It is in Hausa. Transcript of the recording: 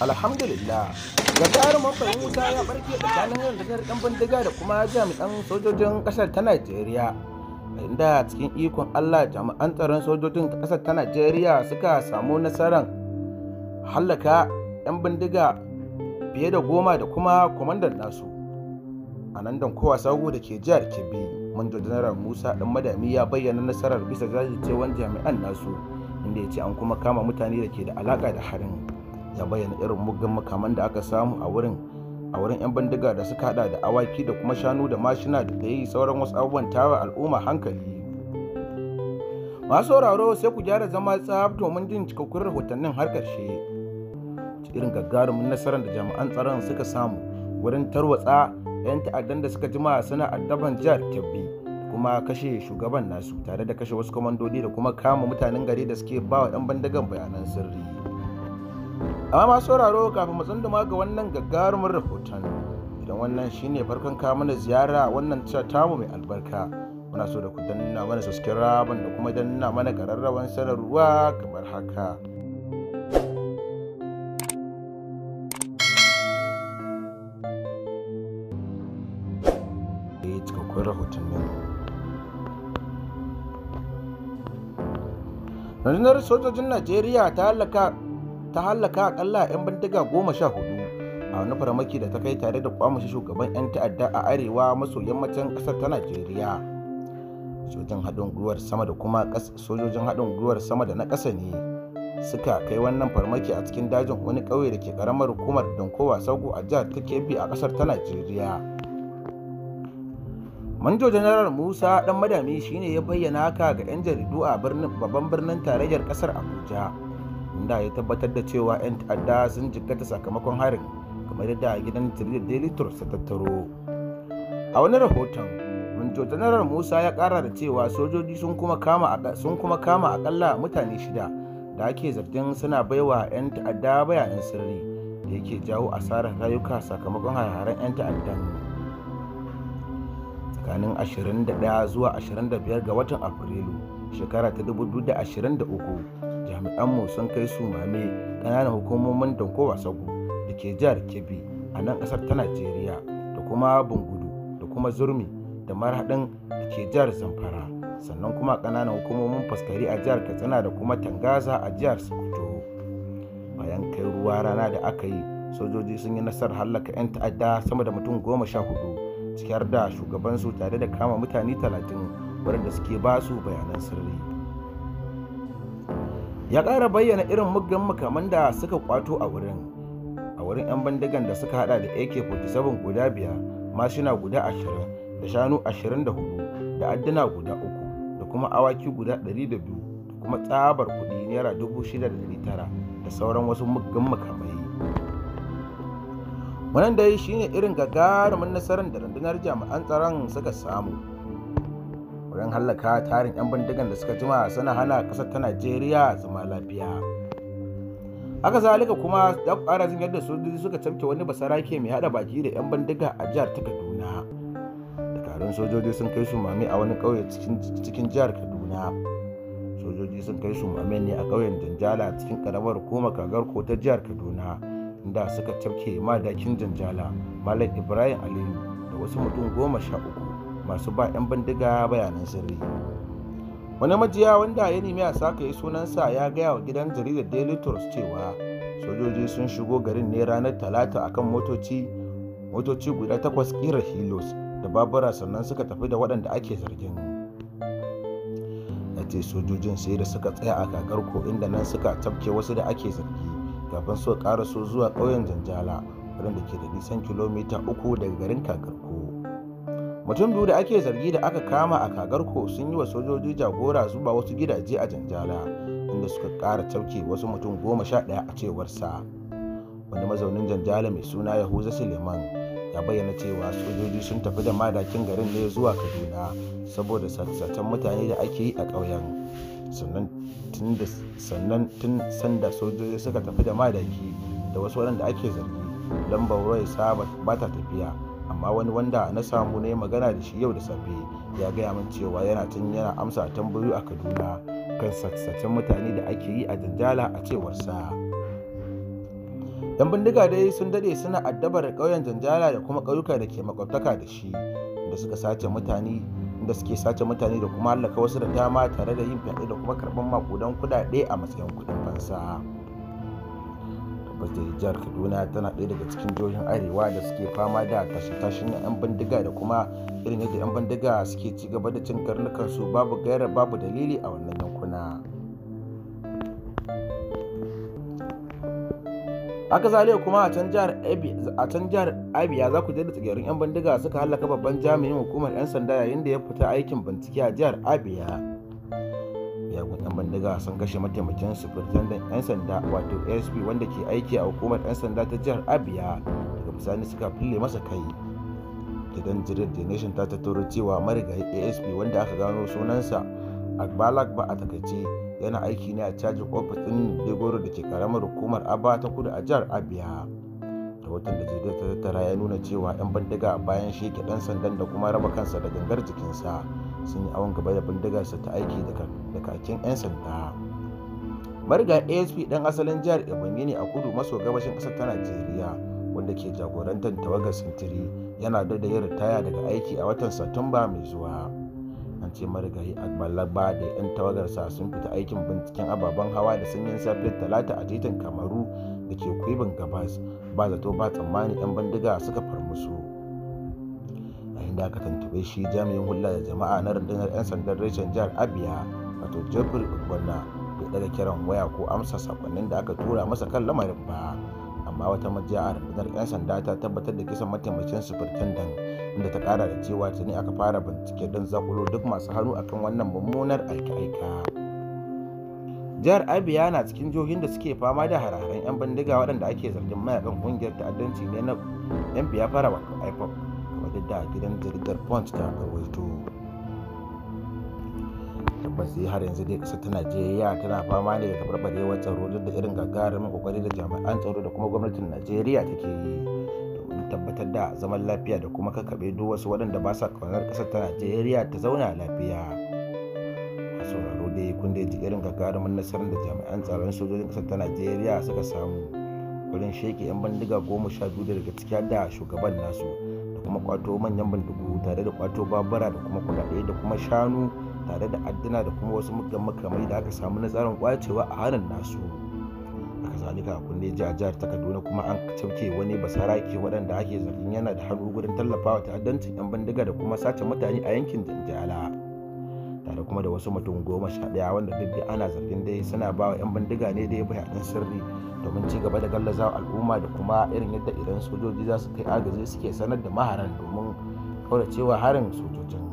alhamdulillah tsarin fayin wuta ya barke da tsakanin rundunar yan bindiga da kuma jami'an sojojin kasar ta najeriya inda cikin ikon allah jami'an tsaron sojojin kasar ta najeriya suka samu nasarar hallaka yan bindiga fiye da goma da kuma kwamandan nasu a nan don kowa sago da ke jihar kebbi manjo janar musa ɗan madami ya bayyana nasarar bisa jajircewan jami'an nasu inda ya ce an kuma kama mutane da ke da alaka da harin ya bayyana irin muggan makaman da aka samu a wurin a wurin 'yan bindiga da suka hada da awaki da kuma shanu da mashina da yi sauran wasu abubuwan tawa al'umma hankali masu sauraro sai ku gyara zama tsaf domin jin cikakkun rahotannin har ƙarshe irin gagarumin nasarar da jami'an tsaron suka samu wurin tarwatsa 'yan ta'addan da suka jima suna addaban jihar kebbi kuma kashe shugaban nasu tare da kashe wasu kwamandodi da kuma kama mutanen gari da suke ba wa 'yan bandagan bayanan sirri amma masu sauraro kafin mu tsunduma ga wannan gagarumin rahoton idan wannan shine farkon kawo mana ziyara wannan ta tamu mai albarka muna so da ku danna mana subscribe da kuma danna mana ƙararrawan sanarwa kamar haka eh, rundunar sojojin najeriya ta halaka ta hallaka akalla 'yan bindiga goma sha hudu a wani faramaki da ta kai tare da kwamashe shugaban 'yan ta'adda a arewa maso yammacin kasar ta najeriya sojojin haɗin gwiwar sama da kuma sojojin haɗin gwiwar sama da na ƙasa ne suka kai wannan farmaki a cikin dajin wani ƙauye da ke ƙaramar hukumar dankowa sauko a jihar ta kebbi a ƙasar ta najeriya manjo janaral musa dan madami shine ya bayyana haka ga 'yan jaridu a babban birnin tarayyar kasar abuja inda ya tabbatar da cewa 'yan ta'adda sun jikkata sakamakon harin kamar yadda gidan jaridar daily trust ta tattaro a wani rahoton manjo janarar musa ya kara da cewa sojoji sun kuma kama akalla mutane shida da ake zargin suna baiwa 'yan ta'adda bayanan sirri da yake jawo asarar rayuka sakamakon harharen 'yan ta'adda. tsakanin 21 zuwa 25 ga watan afrilu shekara ta 2023 jami'anmu sun kai su mame ƙananan hukumomin dankowa sago da ke jihar kebbi a nan ƙasar ta najeriya da kuma bungudu da kuma zurmi da marhaɗin da ke jihar zamfara sannan kuma ƙananan hukumomin faskari a jihar katsina da kuma tangaza a jihar sokoto bayan kai ruwa rana da aka yi sojoji sun yi nasarar hallaka 'yan ta'adda sama da mutum goma sha hudu har da shugabansu tare da kama mutane talatin waɗanda suke basu bayanan sirri ya ƙara bayyana irin muggan makaman da suka kwato a wurin a wurin 'yan bandigan da suka hada da ak-47 guda biyar mashina guda ashirin da shanu ashirin da hudu da adduna guda uku da kuma awaki guda ɗari da biyu da kuma tsabar kuɗi naira dubu shida da ɗari tara da sauran wasu muggan makamai wannan dai shine irin gagarumin nasarar da rundunar jami'an tsaron suka samu don hallaka tarin 'yan bindigan da suka jima suna hana ƙasar ta najeriya zama lafiya haka zalika kuma da ƙara jin yadda sojoji suka camke wani basarake mai hada baki da 'yan bindiga a jihar ta kaduna dakarun sojoji sun kai su mame a wani ƙauye cikin jihar kaduna sojoji sun kai su mame ne a ƙauyen janjala cikin ƙaramar hukumar ko ta jihar kaduna inda suka cafke madakin janjala malam ibrahim aliyu da wasu mutum goma sha uku masu ba 'yan bindiga bayanan sirri wani majiya wanda ya nemi a saka yi sunansa ya gaya wa gidan jaridar daily Tours cewa sojoji sun shigo garin ne ranar talata akan motoci motoci guda takwas kira hilos da babura sannan suka tafi da waɗanda ake zargin Na ce sojojin sai da suka tsaya a kakar ko inda nan suka tafke wasu da ake zargi kafin su ƙara so zuwa ƙauyen janjala wadanda ke da nisan kilomita uku daga garin kakarko mutum biyu da ake zargi da aka kama a kagarko sun yi wa sojoji jagora zuba wasu gidaje a janjala inda suka kara tauke wasu mutum goma sha ɗaya a cewar sa wani mazaunin janjala mai suna yahuza suleiman ya bayyana cewa sojoji sun tafi da madakin garin ne zuwa kaduna saboda sassatan mutane da ake yi a ƙauyen sannan tun sanda sojoji suka tafi da madaki da wasu waɗanda ake zargi lambar roy saba ba ta tafiya amma wani wanda na samu na yi magana da shi yau da safe ya gaya min cewa yana tun yana amsa tambayoyi a kaduna kan sassacen mutane da ake yi a janjala a cewar sa. yan bindiga dai sun dade suna addabar kauyen janjala da kuma ƙauyuka da ke makwabtaka da shi da suka sace mutane da suke sace mutane da kuma hallaka wasu da dama tare da yin fyaɗe da kuma karɓar makudan kuɗaɗe a matsayin kuɗin fansa. da jihar kaduna tana ɗaya daga cikin jihohin arewa da suke fama da tashe-tashe na 'yan bindiga da kuma irin yadda 'yan bindiga suke ci gaba da cin karnukansu babu gaira babu dalili a wannan yankuna haka zale kuma a can jihar abia za ku da tsigirin 'yan bindiga suka halaka babban jami'in hukumar 'yan sanda yayin da ya fita aikin bincike a jihar abia yan bindiga sun kashe mataimakin sufurtandan 'yan sanda wato asp wanda ke aiki a hukumar 'yan sanda ta jihar abia daga bisani suka fille masa kai gidan jirgin the nation ta tattaro cewa marigayi asp wanda aka gano sunansa agbalak ba a takaice yana aiki ne a caji ofis ɗin degoro da ke karamar hukumar aba ta kudu a jihar abia rahoton da jirgin ta tattara ya nuna cewa 'yan bindiga bayan sheke ɗan sandan da kuma raba kansa da gangar jikinsa sun yi awon gaba da bindigarsa ta aiki da kakin 'yan sanda mariga asp ɗan asalin jihar ebonyi ne a kudu maso gabashin ƙasar ta najeriya wanda ke jagorantar tawagar sintiri yana da da ya ritaya daga aiki a watan satumba mai zuwa an ce marigayi agbalaba da 'yan tawagarsa sun fita aikin binciken ababen hawa da sanyin safiyar talata a titin kamaru da ke kwibin gabas ba zato ba tsammani 'yan bindiga suka farmusu inda aka tuntube shi jami'in hulɗa da jama'a na rundunar 'yan sandan reshen jihar abia wato jeffrey ugbonna da daga kiran waya ko amsa sakonnin da aka tura masa kan lamarin ba amma wata majiya a rundunar 'yan sanda ta tabbatar da kisan mataimakin superintendent inda ta kara da cewa tuni aka fara bincike don zakulo duk masu hannu akan wannan mummunar aika-aika jihar abia na cikin jihohin da suke fama da hararen 'yan bindiga waɗanda ake zargin mayakan kungiyar ta'addanci ne na 'yan biafara wato ipop da gidan jaridar punch ta karwaito tabbas har yanzu dai ƙasar ta najeriya tana fama ne da tabarbarewar tsaro da irin gagarumin kokari da jami'an tsaro da kuma gwamnatin najeriya take yi domin tabbatar da zaman lafiya da kuma kakkaɓe duk wasu waɗanda ba sa ƙaunar ƙasar ta najeriya ta zauna lafiya a sauraro dai kun dai ji irin gagarumin nasarar da jami'an tsaron sojojin ƙasar ta najeriya suka samu wurin sheke 'yan bandiga goma sha biyu daga cikin da shugaban nasu da kuma kwato manyan bindigu tare da kwato babura da kuma kudade da kuma shanu tare da adduna da kuma wasu muggan makamai da aka samu nasarar kwacewa a hannun nasu a zalika a kunne ji jihar ta kaduna kuma an cauke wani basarake waɗanda ake zargin yana da hannu gudun tallafawa ta'addancin yan bindiga da kuma sace mutane a yankin janjala da kuma da wasu mutum goma sha ɗaya wanda duk da ana zargin dai suna ba wa 'yan bindiga ne dai bayanan sirri domin ci gaba da gallazawa al'umma da kuma irin yadda idan sojoji za su kai agaji suke sanar da maharan domin kauracewa harin sojojin